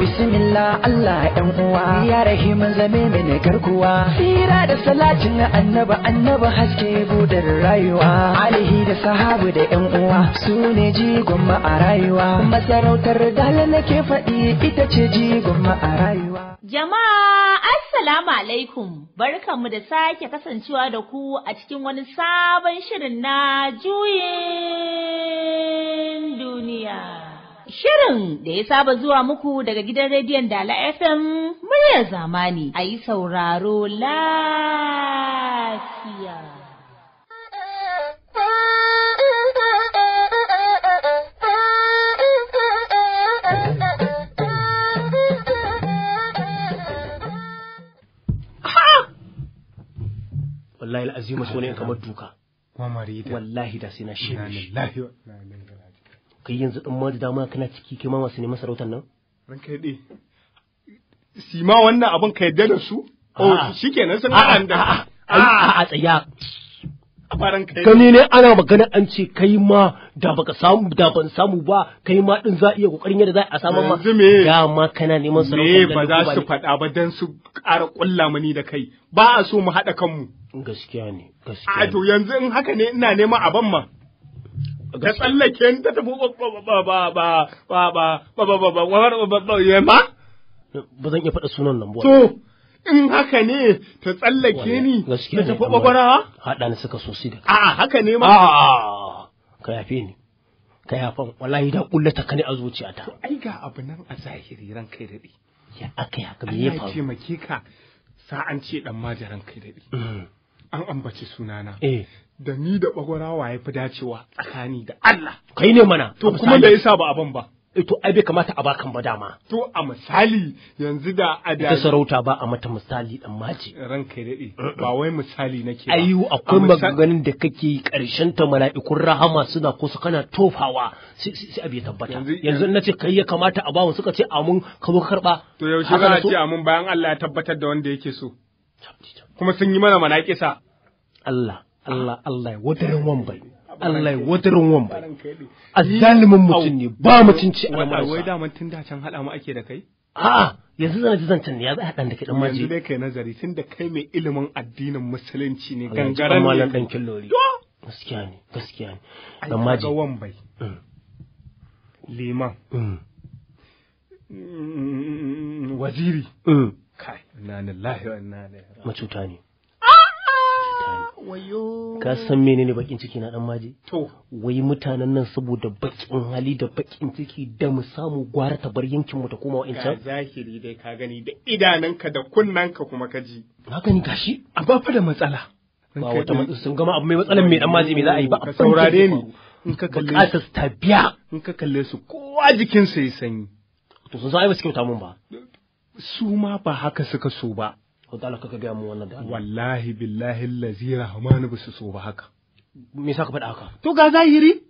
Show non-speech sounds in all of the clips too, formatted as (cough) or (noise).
bismillah Allah 'yan uwa ya rahim zame mini garkuwa hira da salatin annaba annaba haske budar rayuwa alihi da sahabu da ƴan uwa su ne jigon ma a rayuwa masarautar dala nake faɗi ita ce jigon ma a rayuwa jama'a assalamu alaikum barkanmu da sake kasancewa da ku a cikin wani sabon shirin na juyin Shirin da ya saba zuwa muku daga gidan rediyon Dala FM muryar zamani a yi sauraro lafiya. Wallahi al’azimu so ne kamar duka. Wallahi da sai na shi. kai yanzu ɗin ma da dama kana ciki kai ma masu neman sarautar nan kai dai si ma wannan abin ka yadda da su oh shikenan sun haɗa da a a tsaya gani ne ana magana an ce kai ma da baka samu da ban samu ba kai ma din za iya kokarin yadda za a samu ma da ma kana neman sarautar Ne ba za su faɗa ba dan su ƙara ƙulla mani da kai ba a so mu haɗa kanmu gaskiya ne gaskiya a to yanzu in haka ne ina neman abin ma da tsallake ta tafi ba ba zan iya faɗa sunan nan ba. To, in haka ne ta tsallake ni ta tafi ɓaɓara? Haɗa ni suka sosai da kai. A haka ne ma? ka yafe ni. Ka yafa wallahi da ƙullata ka ne a zuciyata. Ai ga abu nan a zahiri ran kai daɗi. Ya aka yi haka me ya faru? Allah ya taimake ka sa'an ce ɗan majaran kai daɗi. An ambaci sunana. Eh. da ni da bagwarawa ya fi dacewa tsakani da Allah. Kai ne mana. To kuma da yasa ba abin ba. Eh, to ai bai kamata a bakan ba dama. To a misali yanzu da a da. Ita sarauta ba a mata misali dan mace. Ranka kai daɗe ba wai misali nake ba. Ayu akwai maganganun da kake karshen ta mala'ikun rahama suna kusa kana tofawa sai sai ya tabbata. Yanzu na ce kai ya kamata a bawa suka ce amun ka zo karɓa. To yaushe za a ce amun bayan Allah ya tabbatar da wanda yake so. Kuma sun yi mana manaƙisa. Allah. Allah Allah ya wadarin wambai Allah ya wadarin wambai azzalimin mutum ne ba mutunci a lamarin wai da mun tunda can hada mu ake da kai a'a yanzu zan ji zancen ne ya za hadan da kai dan maji yanzu dai kai nazari tunda kai mai ilimin addinin musulunci ne gangaren ne dan killori gaskiya ne gaskiya ne dan maji wambai mm. liman mm. Mm. waziri kai inna lillahi wa inna ilaihi raji'un macuta ne Wayo. Ka san menene bakin ciki na dan maji? To. Wai mutanen nan saboda bakin hali da bakin ciki da mu samu gwara ta bar yankin mu ta koma wa'ancan. Ka zahiri dai ka gani da idananka da kunnanka kuma ka ji. Na gani gashi. A ba fa da matsala. Ba wata matsala sun gama abu mai matsalan mai dan maji me za a yi ba. Ka saurare ni. In ka kalle su. ta biya. In ka kalle su kowa jikinsa ya sanyi. To sun san ai ba su kyauta mun ba. Su ma ba haka suka so ba. ko Allah kaka gaya mu wannan da wallahi billahi allazi rahmanu bisu so ba haka me yasa ka faɗa haka to ga zahiri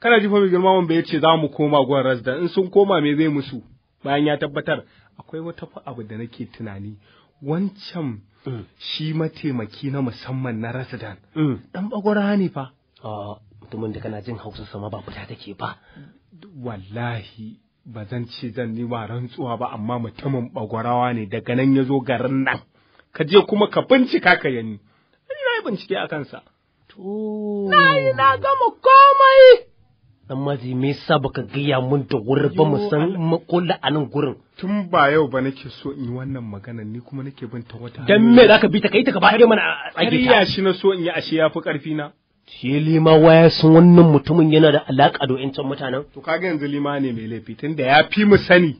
kana jifa mai girma wanda ya ce za mu koma gwan rasda in sun koma me zai musu bayan ya tabbatar akwai wata abu da nake tunani wancan mm. shi mataimaki na musamman na rasdan mm. dan bagwara ne fa mutumin da kana jin hausa sama ba fita take ba wallahi ba zan ce zan ba rantsuwa ba amma mutumin bagwarawa ne daga nan ya zo garin nan ka je kuma ka bincika ka yani na yi bincike a kansa to na yi na gama komai dan maji me yasa baka gaya mun da wuri ba mu san makola a nan gurin tun ba yau ba nake so in yi wannan magana ni kuma nake bin ta wata dan me zaka bi ta kai ta ka ba har mana a tsage ta shi na so in yi ashe yafi karfi na shi lima waya sun wannan mutumin yana da alaƙa da 'yancin mutanen? To kaga yanzu lima ne mai laifi tun da ya fi mu sani.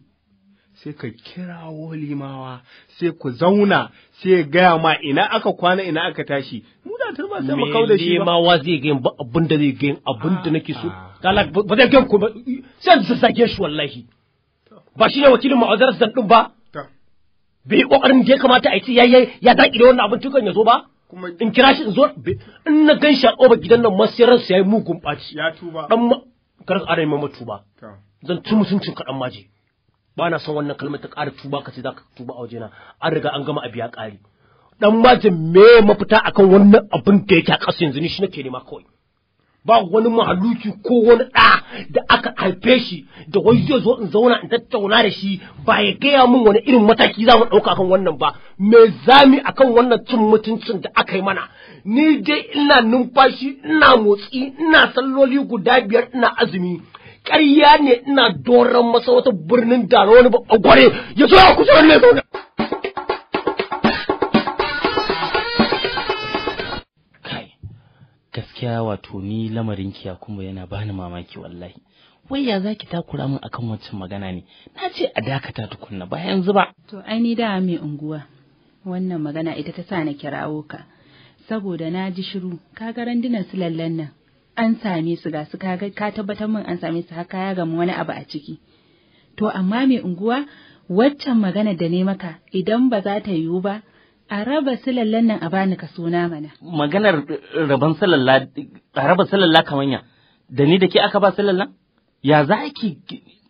sai ka kirawo limawa sai ku zauna sai gaya ma ina aka kwana ina aka tashi mu da turba sai mu da shi ba limawa zai ga abin da zai ga abin da nake so kala ah. ba zai ga ku ba sai su sake shi wallahi ba shine wakilin ma'azar san din ba bai kokarin da ya kamata a yi yayi ya daki da wannan abin tukan ya zo ba in kira shi in zo in na gan shi a gidan nan masirar sa yayi mugun ɓaci ya tuba dan kar ka yi mamatu ba zan ci mutuncin ka dan maje ba na son wannan kalmar ta ƙara tuba ka ce za ka tuba a wajena an riga an gama a biya ƙari dan majin me mafita akan wannan abin da yake a ƙasa yanzu ni shi nake nema kawai ba wani mahaluki ko wani ɗa da aka haife shi da wai zai zo in zauna in tattauna da shi ba ya gaya min wani irin mataki za mu ɗauka akan wannan ba me zami akan wannan cin mutuncin da aka yi mana ni dai ina numfashi ina motsi ina salloli guda biyar ina azumi ƙarya ne ina doron masa wata birnin da wani gware ya zo a kusa ne zaune. Kai, gaskiya wato ni lamarin kiya kuma yana bani mamaki wallahi. Wai ya za ki takura min akan wancan magana ne, na ce a dakata tukunna ba yanzu ba. To, ai ni da mai unguwa, wannan magana ita ta sa na kirawo ka, saboda na ji shiru, ka ga randunan su lallan nan. an same su ga su ka ka tabbatar min an same su haka ya gama wani abu a ciki to amma mai unguwa waccan magana da ne maka idan ba za ta yiwu ba a raba silallan nan a bani ka suna mana maganar raban salalla a raba salalla ya da ni da ke aka ba salalla ya za ki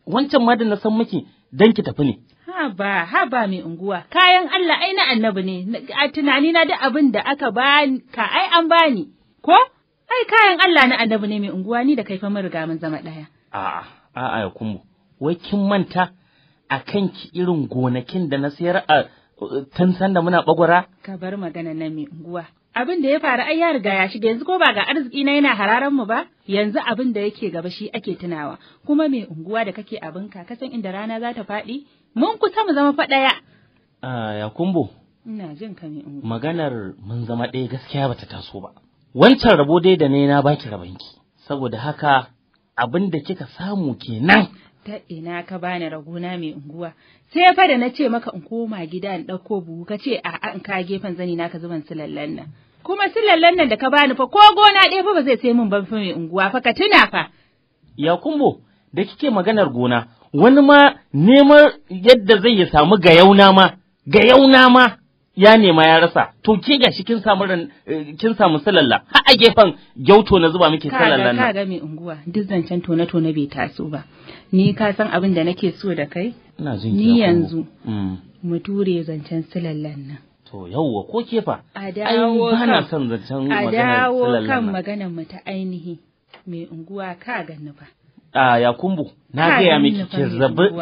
wancan ma da na san miki dan ki tafi ne haba haba mai unguwa kayan Allah ai na annabi ne a tunani na da abin da aka ba ka ai an bani ko Ai kayan Allah na annabi ne mai unguwa ni da kai fa mun riga mun zama ɗaya. A'a, a'a ya kuma wai kin manta a ki irin gonakin da na sayar a tun sanda muna bagwara? Ka bar magana na mai unguwa. Abin da ya faru ai ya riga ya shiga yanzu ko ba ga arziki na yana hararan mu ba? Yanzu abin da yake gaba shi ake tunawa. Kuma mai unguwa da kake abin ka kasan inda rana za ta faɗi? Mun kusa mu zama faɗaya. Ah, ya kumbo. Ina jin ka mai unguwa. Maganar mun zama ɗaya gaskiya bata taso ba. wancan rabo dai da ne na baki rabonki saboda haka abin da kika samu kenan ta ina ka bani raguna mai unguwa sai fa da na ce maka in koma gida in ɗauko buhu ka ce a'a in ka gefen zani na ka zuban su lallan nan kuma su lallan nan da ka bani fa ko gona ɗaya fa ba zai sai min ban fa mai unguwa fa ka tuna fa ya kumbo da kike maganar gona wani ma neman yadda zai ya samu yauna ma gayauna ma ya nema ya rasa to ke gashi kin samu ran eh, kin samu salalla ha a gefen gyauto na zuba miki salalla na ga mai unguwa duk zancen tona tona bai taso ba ni ka san abin da nake so da kai ni yanzu mm. mu ture zancen salallan nan To yauwa ko fa A dawo kan son zancen maganar A dawo kan maganar mu ta ainihi mai unguwa ka ni ba. yakumbu na gaya miki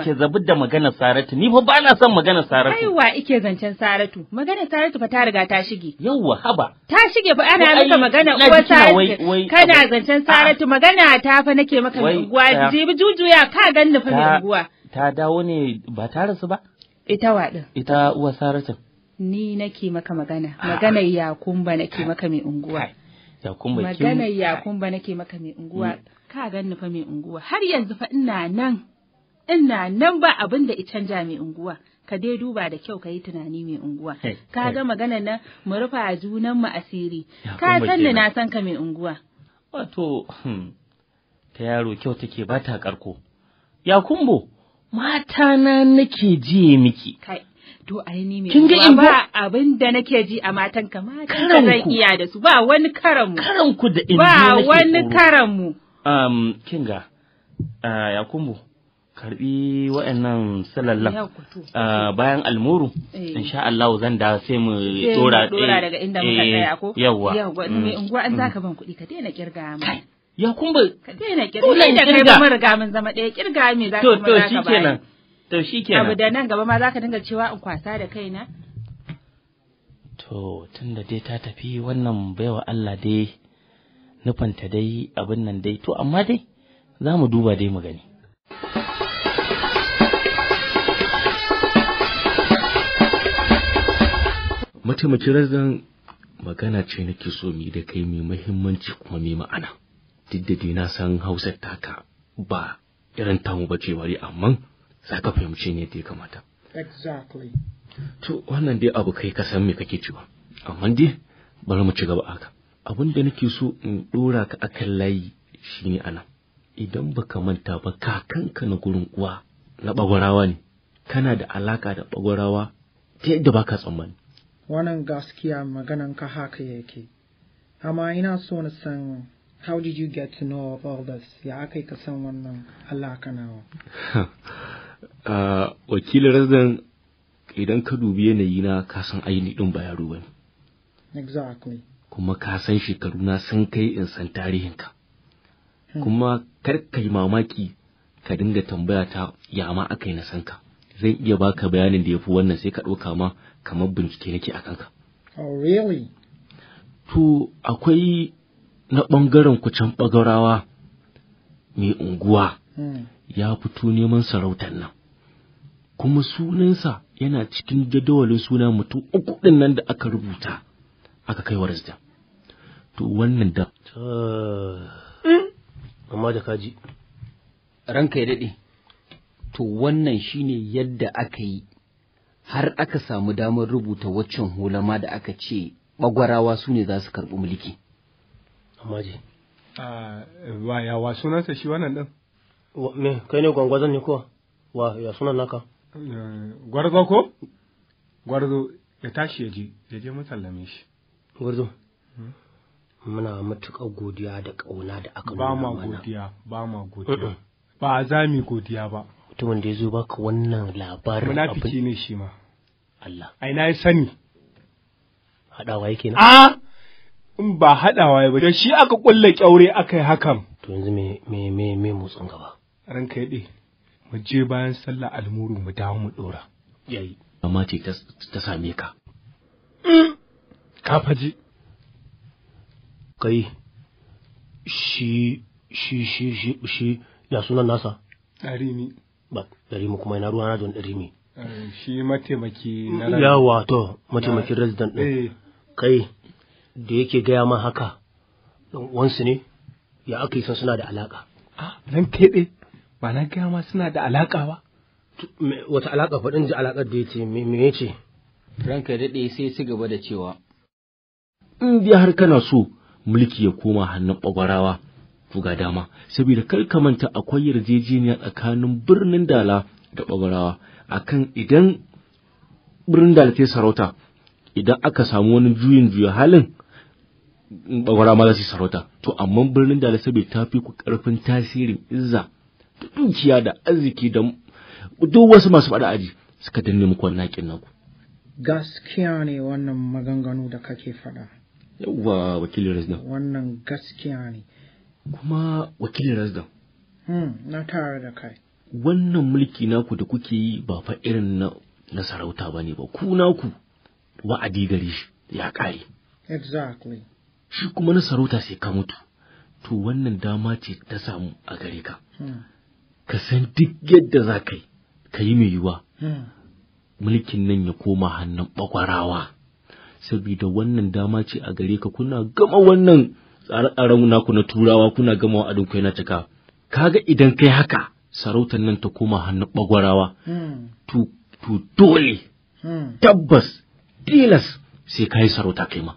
ke zabi da magana saratu ni fa ba na son magana saratu aiwa ike zancen saratu magana saratu fa ta riga ta shige yawwa haba ta shige fa ana maka magana uwa saratu kana zancen ah. saratu magana ta fa nake maka unguwa ah. jibi jujuya ka ganni fa unguwa ta dawo ne ba ta rasu ba ita wa din ita uwa saratu ni nake maka magana ah. ya kumba nake maka mai unguwa Yakumba Maganar Yakumba nake maka mai unguwa, mm. ka ganni nufa mai unguwa, har yanzu fa ina nan, ina nan ba abin da i canja mai unguwa. Ka dai duba da kyau ka yi tunani mai unguwa. Ka ga maganar nan mu rufa junan mu asiri. Ka san ni na san ka mai unguwa. Wato, hmm, ta yaro kyau take ba ta karko. Yakumbo, mata na nake jiye miki. Kai, kin ga in ba abin da nake ji a matan ka zan iya da su ba wani karan mu karan ku da in ba wani karan mu um uh, yakubu karbi wa'annan salallan uh, bayan almuru eh. insha Allah zan da sai mu dora eh, daga inda muka eh, tsaya ko yawa mm. mai an mm. ban kuɗi ka daina kirga mu ya kun ka daina kirga da kai ba mun riga mun zama kirga me mun zaka ba to to shikenan to kenan. abu da nan gaba ma zaka dinga cewa in kwasa da kaina to tunda dai ta tafi wannan baiwa Allah dai nufanta dai abin nan dai to amma dai za mu duba dai mu gani mataimakin razan magana ce nake so mi da kai mai mahimmanci kuma mai ma'ana duk da dai na san hausar taka ba irin tamu ce bari amma za ka fahimci ne da ya kamata exactly to wannan dai abu kai ka san me kake cewa amma dai bari mu ci gaba haka abin da nake so in ɗora ka akan layi shine anan idan ba ka manta ba kakanka na gurin uwa na bagwarawa ne kana da alaka da bagwarawa ta yadda ba ka tsammani wannan gaskiya maganan ka haka yake amma ina so na san how did you get to know of all this ya kai ka san wannan alaka nawa (laughs) wakilin resident idan ka dubi yanayi na ka san aini din ba yaro bane exactly kuma ka san shekaru na sun kai in san tarihinka. Hmm. kuma kar ka yi mamaki ka dinga tambaya ta ya ma aka yi na san ka zan iya baka bayanin da ya fi wannan sai ka ɗauka ma kamar bincike nake a kanka. oh really to akwai na ɓangaren kucan ɓagarawa mai unguwa ya fito neman sarautar nan kuma sunansa yana cikin jadawalin suna mutum uku ɗin nan da aka rubuta aka kai wa to wannan da amma da kaji ranka ya daɗe to wannan shine yadda aka yi har aka samu damar rubuta waccan hulama da aka ce bagwarawa su ne za su karɓi mulki amma je ah, wa sunansa shi wannan ɗin me kai ne gwangwazon ne ko wa ya sunan naka eh, gwarzo ko gwarzo ya tashi ya je ya je musallame shi gwarzo hmm? muna matuƙar godiya da ƙauna da aka nuna mana ba ma godiya ba ma godiya ba za mu godiya ba mutumin da ya zo baka wannan labarin munafiki ne shi ma Allah ai na yi sani haɗawa yake na a ah! in ba haɗawa ba da shi aka kulle ƙyaure aka yi hakan to yanzu me me me me motsin gaba ranka yaɗe mu je bayan sallah almuru mu dawo mu ɗora yayi amma ce ta same ka mm. ka kai shi shi shi shi shi ya sunan nasa ɗarimi ba ɗarimi kuma yana ruwa na don ɗarimi eh, shi mataimaki na ya wato mataimakin resident ɗin eh. kai da yake gaya man haka wansu ne ya aka yi san suna da alaƙa. Ah, ran keɓe. ba na gaya ma suna da alaƙa ba wata alaƙa faɗin ji alaƙar da ce me ce ranka ya daɗe sai ci gaba da cewa in dai har kana so mulki ya koma hannun ɓagwarawa to ga dama saboda kar ka manta akwai yarjejeniya tsakanin birnin dala da ɓagwarawa akan idan birnin dala ta sarauta idan aka samu wani juyin juya halin ɓagwara ma za su sarauta to amma birnin dala saboda ta fi ku ƙarfin tasirin izza dukiya da arziki da duk wasu masu faɗa aji suka danne muku wannan haƙin ku. gaskiya ne wannan maganganu da kake faɗa yawwa wakilin rasdan wannan gaskiya ne kuma wakilin rasdan hmm na tare da kai wannan mulki naku da kuke yi ba fa irin na na sarauta ba ne ba ku naku wa'adi gare shi ya ƙare exactly shi kuma na sarauta sai ka mutu to wannan dama ce ta samu a gare ka hmm. ka san duk yadda za ka yi ka yi mai yiwa hmm. mulkin nan ya koma hannun bakwarawa saboda wannan dama ce a gare ka kuna gama wannan tsare-tsaren naku na turawa kuna gama wa adon kai na cika kaga idan kai haka sarautar nan ta koma hannun bagwarawa hmm. to dole hmm. tabbas tilas sai ka yi sarauta kai ma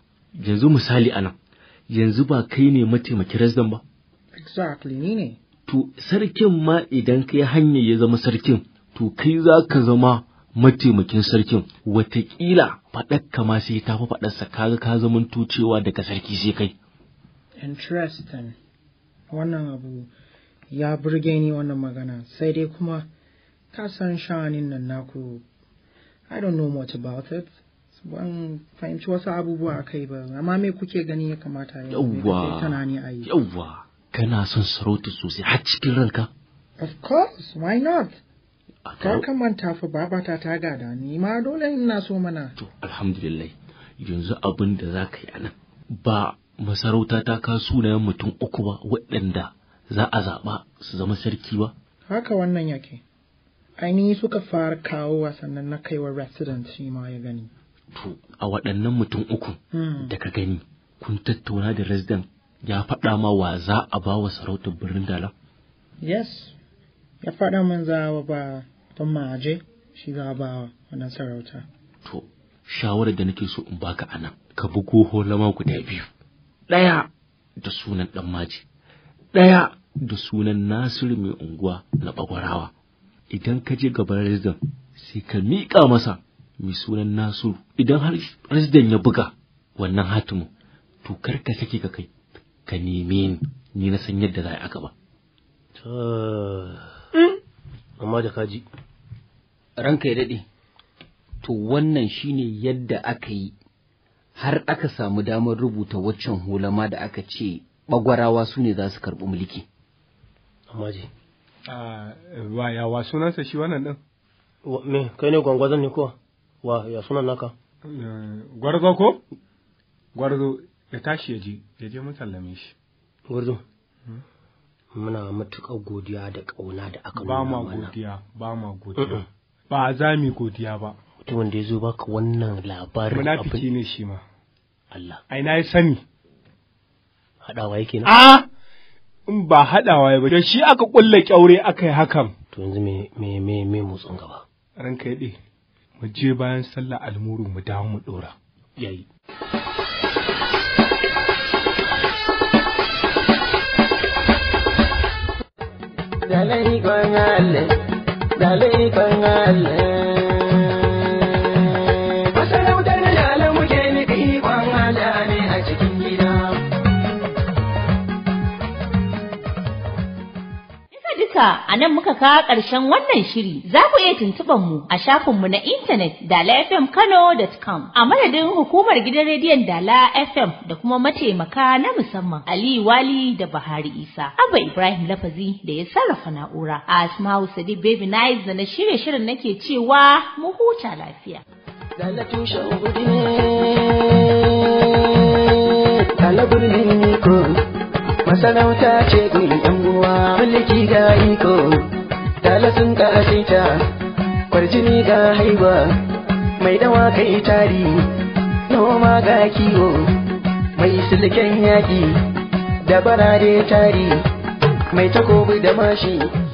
yanzu misali anan yanzu ba kai ne mataimakin resident ba exactly ni ne to sarkin ma idan kai hanyar ya zama sarkin to kai za ka zama mataimakin sarkin wataƙila faɗakka ma sai ta fi faɗarsa kaga ka zama tucewa daga sarki sai kai. Interesting. Wannan abu ya burge ni wannan magana sai dai kuma ka san sha'anin nan naku I don't know much about it. ban fahimci wasu abubuwa a kai ba amma me kuke gani ya kamata ya yi tunani a yi. kana son sarauta sosai har cikin ranka of course why not ka kamanta fa babata ta gada ni ma dole ina so mana to alhamdulillah yanzu abin da za ka yi anan ba masarauta ta ka sunayen mutum uku ba waɗanda za a zaɓa su zama sarki ba haka wannan yake ainihi suka fara kawowa sannan na kaiwa resident shi ma ya gani to a waɗannan mutum uku hmm. da ka gani kun tattauna da resident ya faɗa ma wa za a ba wa sarautar birnin dala? Yes, ya faɗa min za a ba don ma'aje shi za a ba wannan sarauta. To, shawarar da nake so in baka a nan, ka bugo holama guda biyu. Ɗaya da sunan ɗan maji, ɗaya da sunan Nasiru mai unguwa na bagwarawa. Idan ka je gaban Rizdan, sai ka miƙa masa mai sunan Nasiru. Idan har Rizdan ya buga wannan hatimu, to kar ka sake ka kai. ka neme ni ni na san yadda za a aka ba amma da kaji ranka ya daɗe to wannan shine yadda aka yi har aka samu damar rubuta waccan hulama da aka ce bagwarawa su ne za su karɓi mulki amma ji wa ya wa sunansa shi wannan ɗin me kai ne gwangwazon ne ko wa ya sunan naka eh, gwarzo ko gwarzo ya tashi ya je ya je mu sallame shi wurin muna matuƙar godiya da ƙauna da aka nuna mana ba ma godiya ba ma godiya ba za mu godiya ba mutumin da ya zo baka wannan labarin munafiki ne shi ma Allah ai na yi sani haɗawa yake na a ah! in ba haɗawa ba da shi aka kulle kyaure aka yi hakan to yanzu me me me me motsin gaba ranka ya mu je bayan sallah almuru mu dawo mu ɗora yayi dalai kwan Allah, dalai kwan Allah. duka a nan muka kawo ƙarshen wannan shiri. Za ku iya tuntuɓar mu a shafinmu na intanet Dala FM, dalafmkano.com a madadin hukumar gidan rediyon Dala FM da kuma mataimaka na musamman Ali Wali da Bahari Isa. Abba Ibrahim Lafazi da ya sarrafa na'ura. A Asma'u sadi Baby Nice da na shirye shirin nake cewa mu huta lafiya. Dala tushen gudu ne, dala gudu ko masarauta ce gurin yan uwa mulki ga iko tala sun ta kwarjini ga haiba mai dawa kai tari noma ga kiwo mai silken yaƙi da barare tari mai takobi da mashi